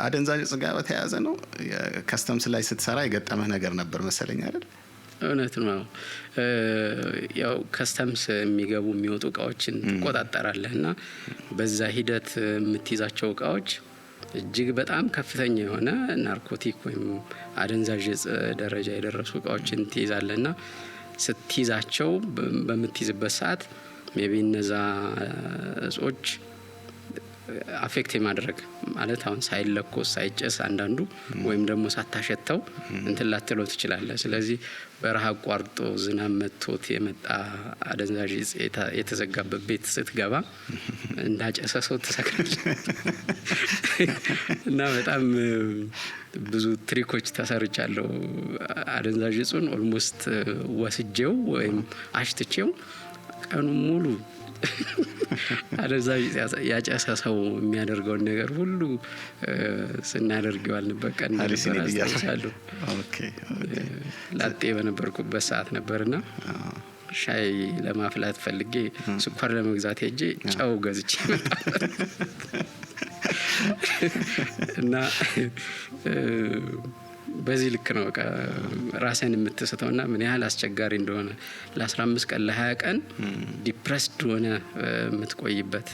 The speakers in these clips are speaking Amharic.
ከአደንዛዥ እጽ ጋር በተያያዘ ነው። ከስተምስ ላይ ስትሰራ የገጠመ ነገር ነበር መሰለኝ አይደል? እውነት ነው። ያው ከስተምስ የሚገቡ የሚወጡ እቃዎችን ትቆጣጠራለህ እና በዛ ሂደት የምትይዛቸው እቃዎች እጅግ በጣም ከፍተኛ የሆነ ናርኮቲክ ወይም አደንዛዥ እጽ ደረጃ የደረሱ እቃዎችን ትይዛለህ እና ስትይዛቸው በምትይዝበት ሰዓት ሜቢ እነዛ እጾች አፌክት የማድረግ ማለት አሁን ሳይለኮስ ሳይጨስ አንዳንዱ ወይም ደግሞ ሳታሸተው እንትን ላትለው ትችላለ። ስለዚህ በረሃ አቋርጦ ዝናብ መቶት የመጣ አደንዛዥ የተዘጋበት ቤት ስትገባ እንዳጨሰ ሰው ትሰክራል እና በጣም ብዙ ትሪኮች ተሰርቻለሁ። አደንዛዥ እጹን ኦልሞስት ወስጄው ወይም አሽትቼው ቀኑ ሙሉ አደዛ ያጨሰ ሰው የሚያደርገውን ነገር ሁሉ ስናደርገው አልንበት ላጤ በነበርኩበት ሰዓት ነበርና ሻይ ለማፍላት ፈልጌ ስኳር ለመግዛት ሄጄ ጨው ገዝቼ እና በዚህ ልክ ነው ራሴን የምትስተው እና ምን ያህል አስቸጋሪ እንደሆነ ለ15 ቀን ለ20 ቀን ዲፕረስድ ሆነ የምትቆይበት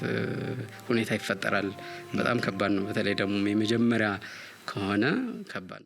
ሁኔታ ይፈጠራል። በጣም ከባድ ነው። በተለይ ደግሞ የመጀመሪያ ከሆነ ከባድ ነው።